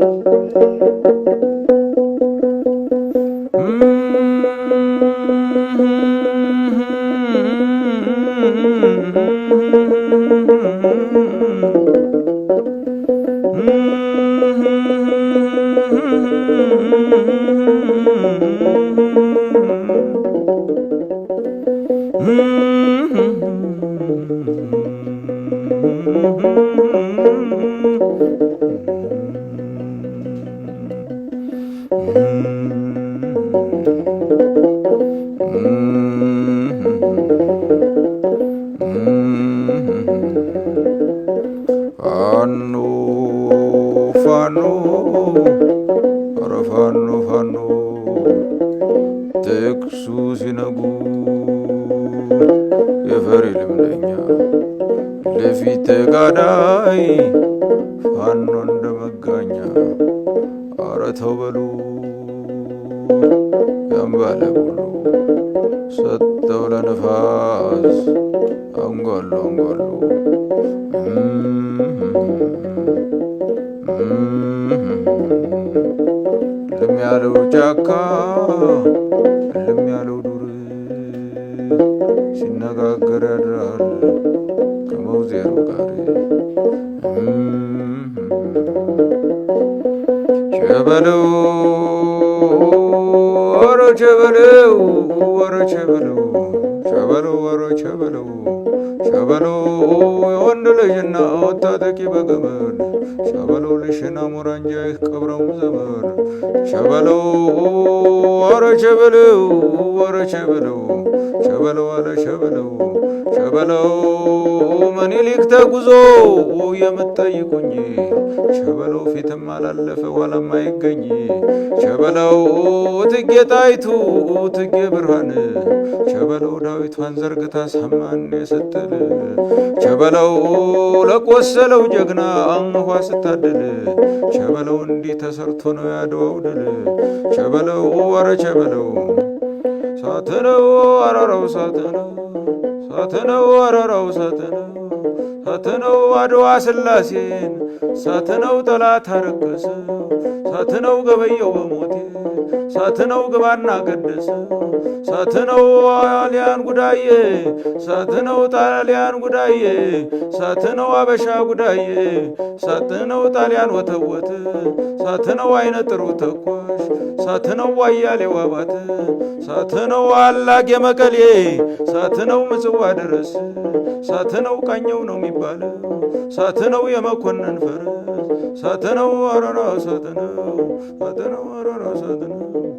Mm-hmm. ፋኖ ፋኖ ኧረ ፋኖ ፋኖ ጥቅሱ ሲነጉ የፈሪ ልምደኛ ለፊት ተጋዳይ ፋኖ እንደመጋኛ ኧረ ተው በሉ ያም ባለ ሁሉ ሰጠው ለነፋስ አንጓሉ አንጓሉ እልም ያለው ጫካ እልም ያለው ዱር ሲነጋገር ያድራል ከመውዜሩ ጋር ሸበለው በለው ወረች ብለው ሸበሎ ወሮ ሸበሎ ሸበሎ የወንድ ልጅና ወታጠቂ በገመድ ሸበሎ ልሽና ሙራንጃይህ ቀብረሙ ዘመድ ሸበሎ ወረ ሸበሎ ወረ ሸበሎ ሸበሎ አለ ሸበሎ ሸበሎ መኒሊክ ተጉዞ የምትጠይቁኝ ሸበሎ ፊትም አላለፈ ኋላም አይገኝ ሸበለው ትጌ ጣይቱ ትጌ ብርሃን ሸበለው ዳዊ ሰራዊቷን ዘርግታ ሰማን ስትል ቸበለው ለቆሰለው ጀግና አምኳ ስታደል ቸበለው እንዲህ ተሰርቶ ነው ያድዋው ድል ቸበለው አረ ቸበለው ሳትነው አረረው ሳትነው ሳትነው አረረው ሳትነው ሳትነው አድዋ ስላሴን ሳትነው ጠላት አረከሰው ሳትነው ገበየው በሞቴ ሳትነው ግባና ቀድስ ሳትነው ጣሊያን ጉዳዬ ሳትነው ጣሊያን ጉዳዬ ሳትነው አበሻ ጉዳዬ ሳትነው ጣሊያን ወተወት ሳትነው አይነ ጥሩ ተኳሽ ሳትነው አያሌው አባት ሳትነው አላግ መቀሌ ሳትነው ምጽዋ ድረስ ሳትነው ቀኘው ነው የሚባለው ሳትነው የመኮንን ፈረስ ሳትነው አረራ ሳትነው ሳትነው አረራ ሳትነው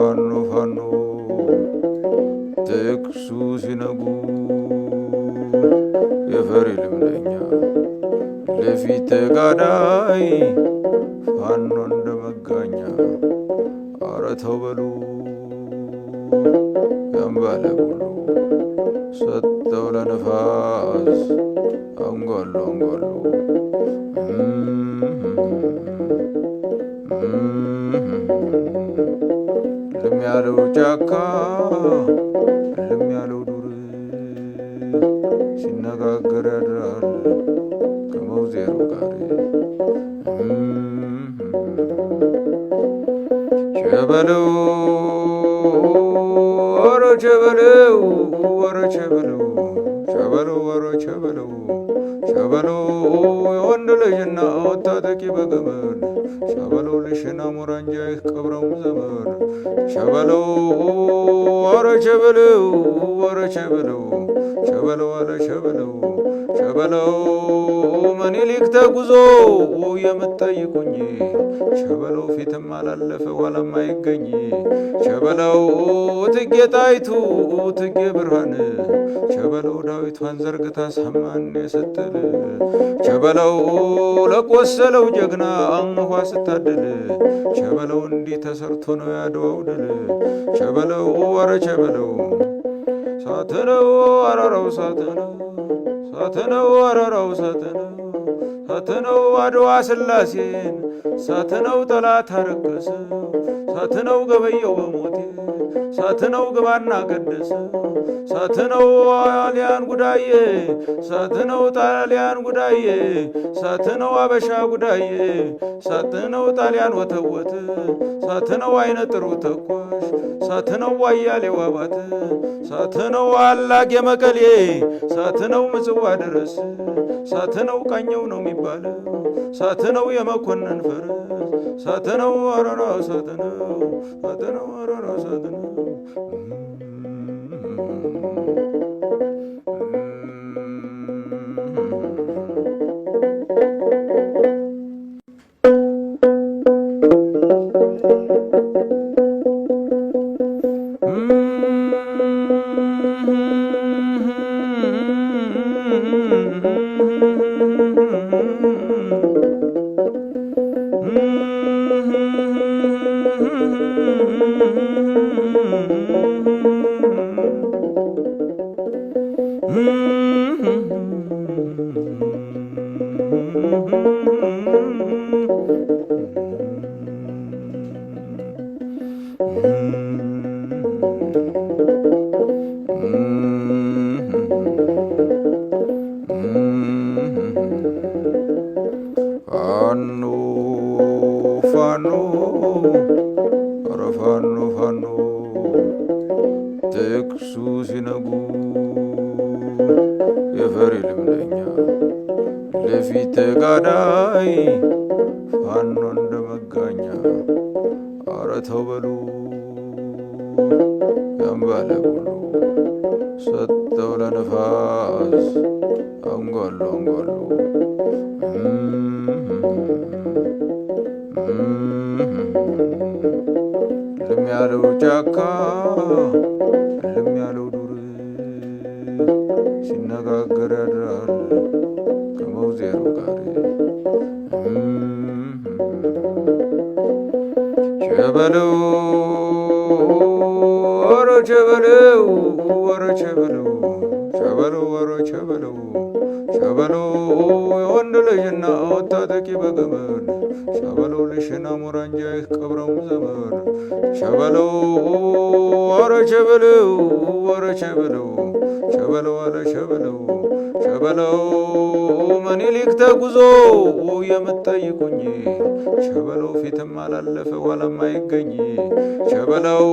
ፋኖ ፋኖ ተኩሱ ሲነጉ የፈሪ ልምደኛ ለፊት ተጋዳይ ፋኖ እንደ መጋኛ አረ ተው በሉ ያምባለ ሰጠው ለነፋስ አንጓሉ አንጓሉ ልም ያለው ጫካ ልም ያለው ዱር ሲነጋገር ያድራል ከመውዜሩ ጋር ቸበለው ወረ ቸበለው ወረ ቸበለው ቸበለው ወረ ቸበለው ሸበሉ የወንድ ልጅና ወታጠቂ በገመድ ሸበሉ ልሽና ሙራንጃይህ ቀብረሙ ዘመድ ሸበሉ ወረ ሸበሉ ወረ ሸበሉ ሸበሉ አለ ሸበሉ ሸበለው ምኒልክ ተጉዞ የምትጠይቁኝ ሸበሉ ፊትም አላለፈ ኋላም አይገኝ ሸበለው ትጌ ጣይቱ ትጌ ብርሃን ሸበለው ዳዊቷን ዘርግታ ሰማን የሰጠል ቸበለው ለቆሰለው ጀግና አንኳ ስታድል ቸበለው እንዲህ ተሰርቶ ነው ያድዋው ድል ቸበለው አረ ቸበለው ሳትነው አረራው ሳትነው ሳትነው አረራው ሳትነው ሳትነው አድዋ ስላሴን ሳትነው ጠላት አረከሰ ሳትነው ገበየው በሞቴ ሳትነው ግባና ቀደሰ ሳትነው ጣሊያን ጉዳዬ ሳትነው ጣሊያን ጉዳዬ ሳትነው አበሻ ጉዳዬ ሳትነው ጣሊያን ወተወት ሳትነው አይነ ጥሩ ተኳሽ ሳትነው ዋያሌ ዋባት ሳትነው አላቅ የመቀሌ ሳትነው ምጽዋ ድረስ ሳትነው ቃኘው ነው የሚባለው ሳትነው የመኮንን ሳትነው ወረሮ ሳትነው ሳትነው ወረሮ ሳትነው ፋኖ ፋኖ ፋኖ ተኩሱ ሲነጉ የፈሪ ልምደኛ ለፊት ተጋዳይ ፋኖ እንደ መጋኛ አረተው በሉ ያምባለ ሁሉ ሰጠው ለነፋስ አንጓሉ አንጓሉ እልም ያለው ጫካ እልም ያለው ዱር ሲነጋገር ያድራል ከመውዜሩ ጋር ሸበለው ቸበለው ወረ ቸበለው ቸበለው ወረ ቸበለው ቸበለው የወንድ ልጅና ወታጠቂ በገመድ ቸበለው ልሽና ሞራንጃይህ ቀብረሙ ዘመድ ቸበለው ወረ ቸበለው ወረ ቸበለው ሸበለው አለ ሸበለው ሸበለው ምኒልክ ተጉዞ የምትጠይቁኝ ሸበለው ፊትም አላለፈ ኋላም አይገኝ ሸበለው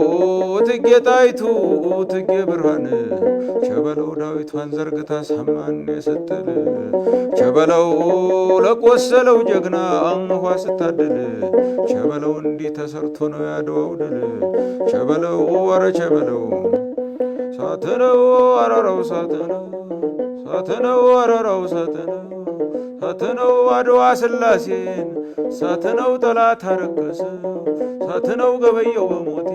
ትጌ ጣይቱ ትጌ ብርሃን ሸበለው ዳዊቷን ዘርግታ ሰማን የሰጠል ሸበለው ለቆሰለው ጀግና አንኳ ስታድል ሸበለው እንዲህ ተሰርቶ ነው ያድዋው ድል ሸበለው ወረ ሸበለው ሳትነው አረረው ሳትነው ሳትነው አረረው ሳትነው ሳትነው አድዋ ስላሴን ሳትነው ጠላት አረከሰው ሳትነው ገበየው በሞቴ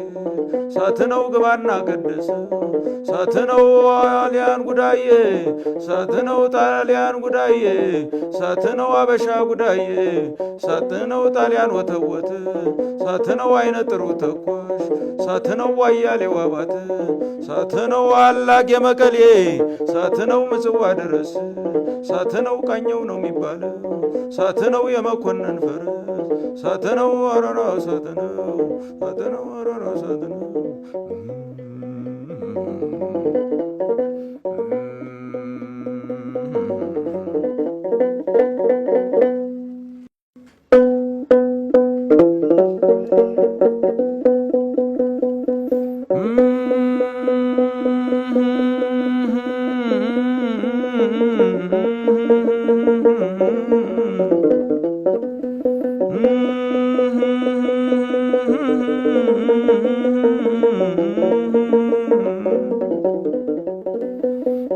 ሳትነው ግባና ቀደሰ ሳትነው ጣሊያን ጉዳዬ ሳትነው ጣሊያን ጉዳዬ ሳትነው አበሻ ጉዳዬ ሳትነው ጣሊያን ወተወት ሳትነው አይነ ጥሩ ተኳሽ ሳትነው ዋያሌ ዋባት ሳትነው አላግ የመቀሌ ሳትነው ምጽዋ ድረስ ሳትነው ቀኘው ነው የሚባለው ሳትነው የመኮንን ፈረስ ሳትነው አረራ ሳትነው ሳትነው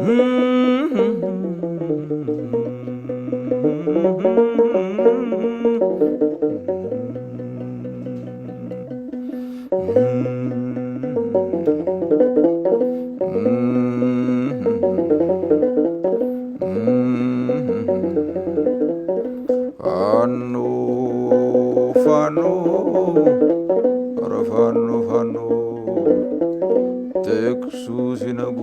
ፋኖ ፋኖ ጥቅሱ ሲነጉ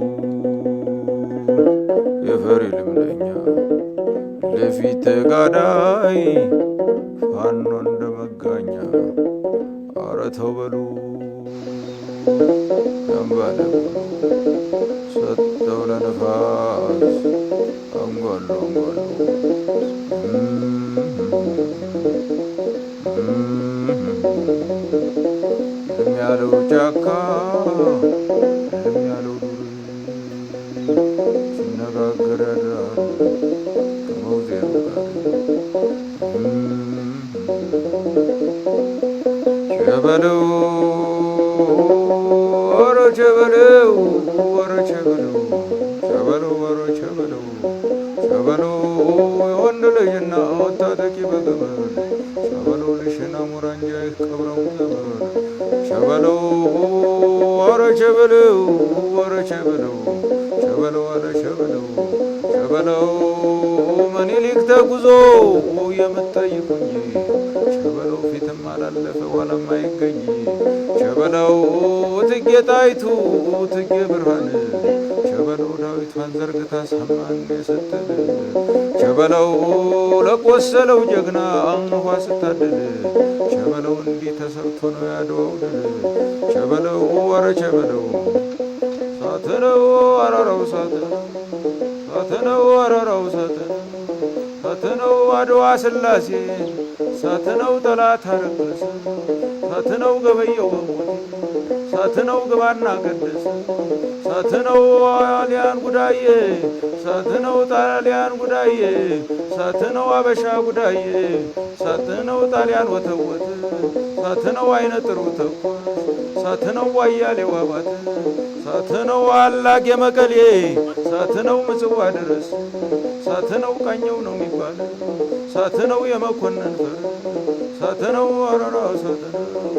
የፈሪ ልምደኛ ለፊት ተጋዳይ ፋኖ እንደ መጋኛ አረ በሉ ያንባለብ ሰጠው ለነፋስ አንጓሉ አንጓሉ ያለው ጫካ ያለው ዱር ቸበለው ወሮ ቸበለው ወሮ ቸበለው ቸበለው ወሮ ቸበለው ቸበለው የወንድ ልጅና ወታጠቂ በገበር ልሽና ሙራንጃ ይቀብረው ገበር ቸበለው ወሮ ቸበለው ቸበለው ሸበለው አለ ሸበለው ሸበለው ምኒልክ ተጉዞ የምትጠይቁኝ ሸበለው ፊትም አላለፈ ኋላም አይገኝ ሸበለው እትጌ ጣይቱ እትጌ ብርሃን ሸበለው ዳዊቷን ዘርግታ ሰማን የሰጠን ሸበለው ለቆሰለው ጀግና አንኳ ስታድል ሸበለው እንዲህ ተሰርቶ ነው ያድዋው ድል ሸበለው ወረ ሸበለው ሳትነው አረረው ሳትነው አረረው ሳት ፈትነው አድዋ ስላሴ ሰትነው ጠላት አረገሰ ሰትነው ገበየው በሞቴ ሰትነው ግባና ቀደሰ ሰትነው ጣሊያን ጉዳዬ ሰትነው ጣሊያን ጉዳዬ ሰትነው አበሻ ጉዳዬ ሰትነው ጣሊያን ወተወት ሰትነው አይነ ጥሩ ተኳስ ሰትነው ዋያሌው አባተ ሰትነው አላግ የመቀሌ ሰትነው ምጽዋ ድረስ ሳትነው ቃኘው ነው የሚባል ሳትነው የመኮንን ፈረድ ሳትነው አረራ ሳትነው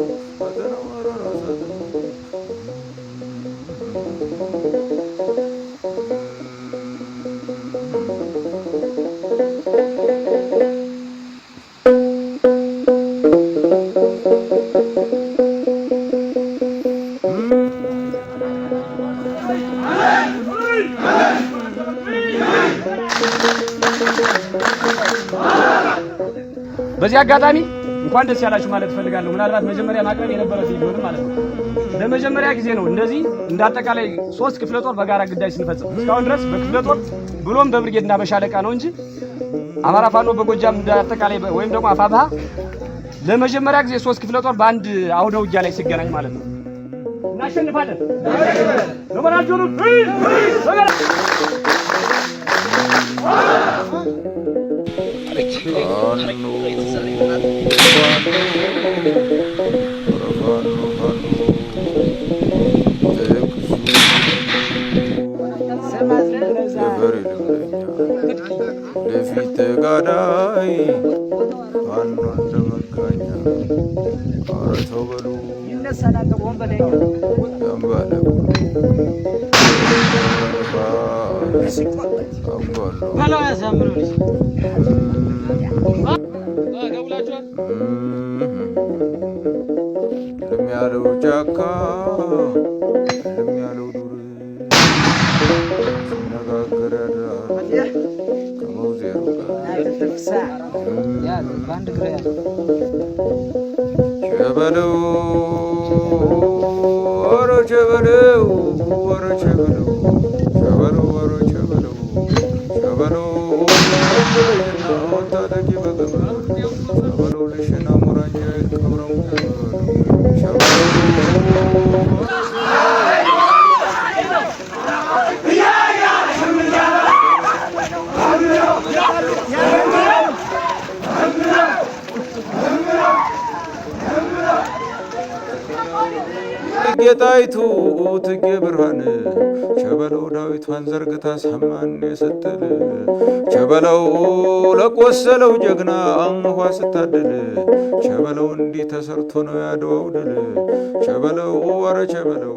በዚህ አጋጣሚ እንኳን ደስ ያላችሁ ማለት እፈልጋለሁ። ምናልባት መጀመሪያ ማቅረብ የነበረ ቢሆንም ማለት ነው ለመጀመሪያ ጊዜ ነው እንደዚህ እንደ አጠቃላይ ሶስት ክፍለ ጦር በጋራ ግዳጅ ስንፈጽም እስካሁን ድረስ በክፍለ ጦር ብሎም በብርጌድ እና በሻለቃ ነው እንጂ አማራ ፋኖ በጎጃም እንደ አጠቃላይ ወይም ደግሞ አፋብሃ ለመጀመሪያ ጊዜ ሶስት ክፍለ ጦር በአንድ አውደ ውጊያ ላይ ሲገናኝ ማለት ነው። እናሸንፋለን። ለመራጆኑ ለፊት ተጋዳይ አኗ እንደ መጋኛ አረተው በሉ ያለው ጫካ ያለው ዱር ሲነጋገር ያድራል ከመውዜሩ ጋር ቸበለው ወረ ቸበለው ወረ ቸበለው ሸበሎ ታደጊ በዘመን የጣይቱ ትጌ ብርሃን ቸበለው ዳዊቷን ዘርግታ ሰማን የሰጠል ቸበለው ለቆሰለው ጀግና አምኳ ስታደል ቸበለው እንዲህ ተሰርቶ ነው ያድዋው ድል ቸበለው ወረ ቸበለው